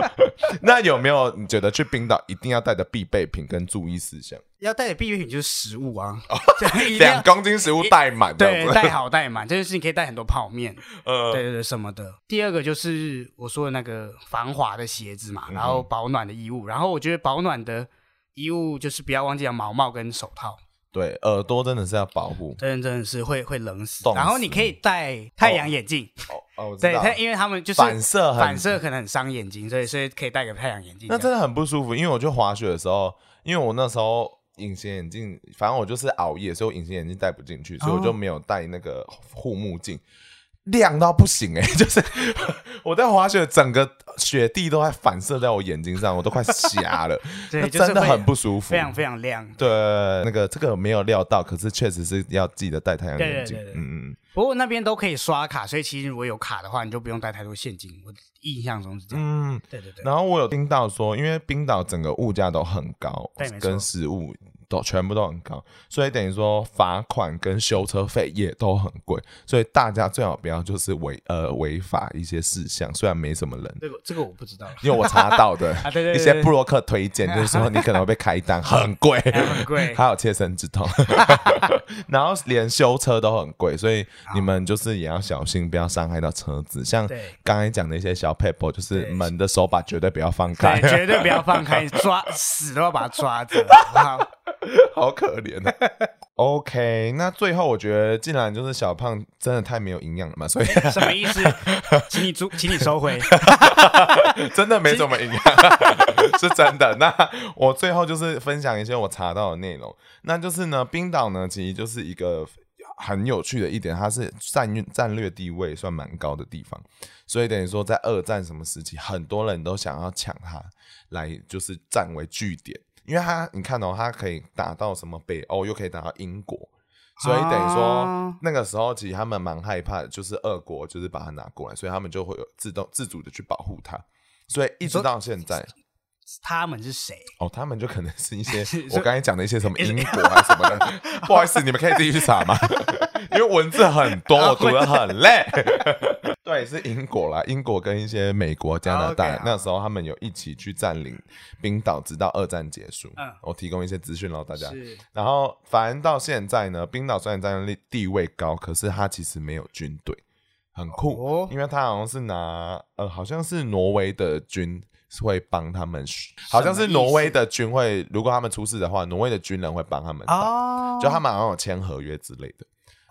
那有沒有你覺得去冰島一定要帶的必備品跟注意事項？要帶的必備品就是食物啊，兩 定 公斤食物帶滿， 對，帶好帶滿這件事情可以帶很多泡麵，呃，對，對對什麼的。第二個就是我說的那個防滑的鞋子嘛，然後保暖的衣物，嗯、然後我覺得保暖的衣物就是不要忘記要毛帽跟手套。對，耳朵真的是要保護，真的真的是會會冷死，死。然後你可以戴太陽眼鏡，哦 哦，哦，對，因為他們就是反射，反射可能很傷眼睛，所以所以可以戴個太陽眼鏡。那真的很不舒服，因為我就滑雪的時候，因為我那時候隱形眼鏡，反正我就是熬夜，所以我隱形眼鏡戴不進去、哦，所以我就沒有戴那個護目鏡，亮到不行哎、欸，就是 我在滑雪整個。雪地都還反射在我眼睛上，我都快瞎了， 對，真的很不舒服，就是、非常非常亮。對，那個這個沒有料到，可是確實是要記得戴太陽眼鏡。嗯嗯。不過那邊都可以刷卡，所以其實如果有卡的話，你就不用帶太多現金。我印象中是這樣。嗯，對對對。然後我有聽到說，因為冰島整個物價都很高，跟食物。都全部都很高，所以等於說罰款跟修車費也都很貴，所以大家最好不要就是違呃違法一些事項。雖然沒什麼人，這個這個我不知道，因為我查到的 對一些布洛克推薦就是說你可能會被開單，很貴，很貴，還有切身之痛， 然後連修車都很貴，所以你們就是也要小心，不要傷害到車子。像剛才講的一些小撇步，就是門的手把絕對不要放開，對對絕對不要放開，抓死都要把它抓着。然後好可憐啊！OK，那最後我覺得，既然就是小胖真的太沒有營養了嘛，所以、欸、什麼意思？ 請你收，請你收回， 真的沒這麼營養， 是真的。那我最後就是分享一些我查到的內容，那就是呢，冰島呢其實就是一個很有趣的一點，它是戰略戰略地位算蠻高的地方，所以等於說在二戰什麼時期，很多人都想要搶它來就是占為據點。因為他，你看哦，他可以打到什麼北歐，又可以打到英國，啊、所以等於說那個時候，其實他們蠻害怕的，就是俄國就是把它拿過來，所以他們就會有自動自主的去保護它。所以一直到現在，他們是誰？哦，他們就可能是一些我剛才講的一些什麼英國啊什麼的。不好意思， 你們可以自己去查嗎？ 因為文字很多，我讀得很累。 對，是英國啦。英國跟一些美國、加拿大 okay, 那時候他們有一起去占領冰島，直到二戰結束、嗯。我提供一些資訊嘍，大家。然後反正到現在呢，冰島雖然戰略地位高，可是它其實沒有軍隊，很酷，哦、因為它好像是拿呃，好像是挪威的軍會幫他們，好像是挪威的軍會，如果他們出事的話，挪威的軍人會幫他們哦，就他們好像有簽合約之類的。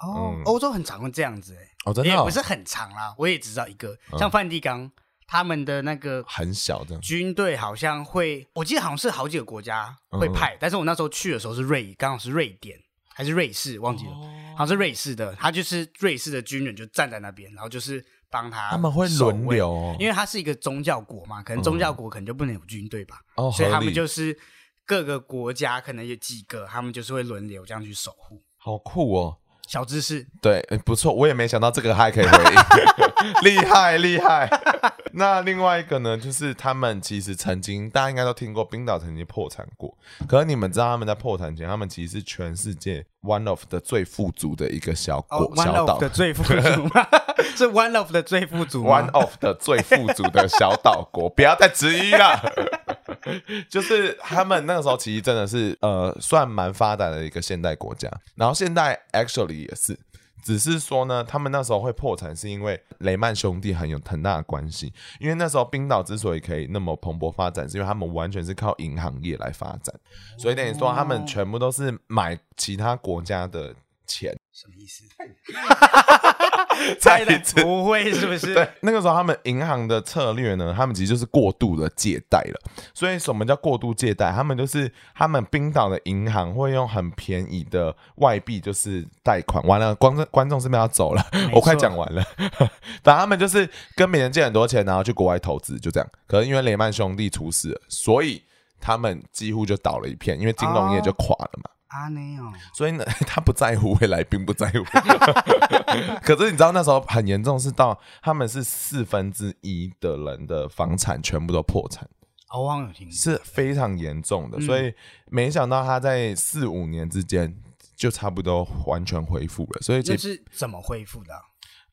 哦，歐、嗯、歐洲很常用這樣子哎。哦，真的也、哦、欸、不是很長啦。我也只知道一個，嗯、像梵蒂岡他們的那個很小的軍隊，好像會，我記得好像是好幾個國家會派、嗯。但是我那時候去的時候是瑞，剛好是瑞典還是瑞士，忘記了，好、哦、像是瑞士的。他就是瑞士的軍人就站在那邊，然後就是幫他他們會輪流、哦，因為他是一個宗教國嘛，可能宗教國可能就不能有軍隊吧，嗯、所以他們就是各個國家可能有幾個，他們就是會輪流這樣去守護。好酷哦！小知識對，不錯，我也沒想到這個還可以回應，厲 害厲害。厲害 那另外一個呢，就是他們其實曾經，大家應該都聽過，冰島曾經破產過。可是你們知道他們在破產前，他們其實是全世界 one of the 最富足的一個小國，oh, 小島的最富足 是 one of the 最富足，one of the 最富足的小島國， 不要再質疑了。 就是他們那個時候其實真的是呃算蠻發達的一個現代國家，然後現代 actually 也是，只是說呢，他們那時候會破產是因為雷曼兄弟很有很大的關係，因為那時候冰島之所以可以那麼蓬勃發展，是因為他們完全是靠銀行業來發展，所以等於說他們全部都是買其他國家的。錢什麼意思？哈哈哈哈哈！猜的不會是不是？ 對，那個時候他們銀行的策略呢，他們其實就是過度的借貸了。所以什麼叫過度借貸？他們就是他們冰島的銀行會用很便宜的外幣就是貸款，完了觀眾觀眾是不是要走了？ 我快講完了。 反正他們就是跟別人借很多錢，然後去國外投資，就這樣。可能因為雷曼兄弟出事了，所以他們幾乎就倒了一片，因為金融業就垮了嘛。哦啊、哦、所以呢，他不在乎未來，並不在乎。 可是你知道那時候很嚴重，是到他們是四分之一的人的房產全部都破產。我忘了是非常嚴重的，嗯。所以沒想到他在四五年之間就差不多完全恢復了。所以這，就是怎麼恢復的？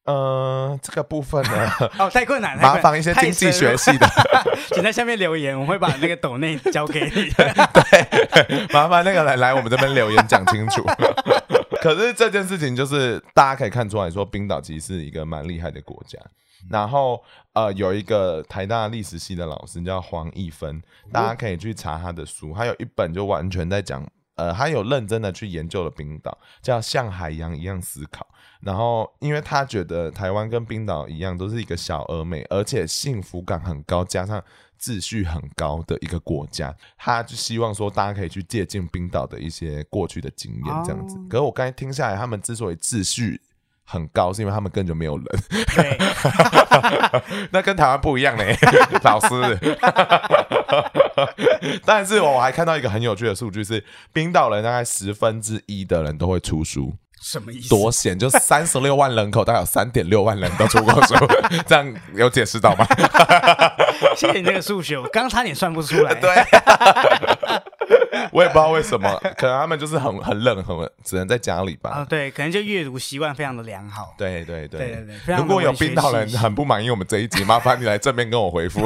呃，這個部分呢， 哦，太困難，太困難麻煩一些經濟學系的， 請在下面留言， 我會把那個抖內交給你。 對，麻煩那個來來我們這邊留言講清楚。 可是這件事情就是大家可以看出來說，冰島其實是一個蠻厲害的國家。然後呃，有一個台大歷史系的老師叫黃義芬，大家可以去查他的書，他有一本就完全在講。呃，他有認真的去研究了冰島，叫像海洋一樣思考。然後，因為他覺得台灣跟冰島一樣，都是一個小而美，而且幸福感很高，加上秩序很高的一個國家，他就希望說大家可以去借鑒冰島的一些過去的經驗這樣子。Oh. 可是我剛才聽下來，他們之所以秩序很高，是因為他們根本就沒有人。 對 那跟台灣不一樣呢， 老師。 但是我還看到一個很有趣的數據是，是冰島人大概十分之一的人都會出書，什麼意思？多險！就三十六萬人口， 大概有三點六萬人都出過書， 這樣有解釋到嗎？ 謝謝你這個數學，我剛差點算不出來。 對、啊。 我也不知道為什麼， 可能他們就是很很冷，很冷只能在家裡吧。哦、對，可能就閱讀習慣非常的良好。對對對、對、對、對，如果有冰島人很不滿意我們這一集， 麻煩你來正面跟我回復。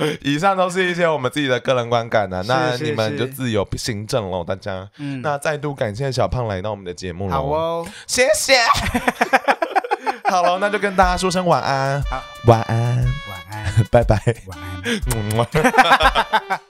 以上都是一些我們自己的個人觀感啊， 那你們就自由行政嘍，大家。嗯，那再度感謝小胖來到我們的節目嘍，好哦，謝謝。 好嘍，那就跟大家說聲晚安。好。晚安。晚安。 拜拜。晚安。嗯 晚安。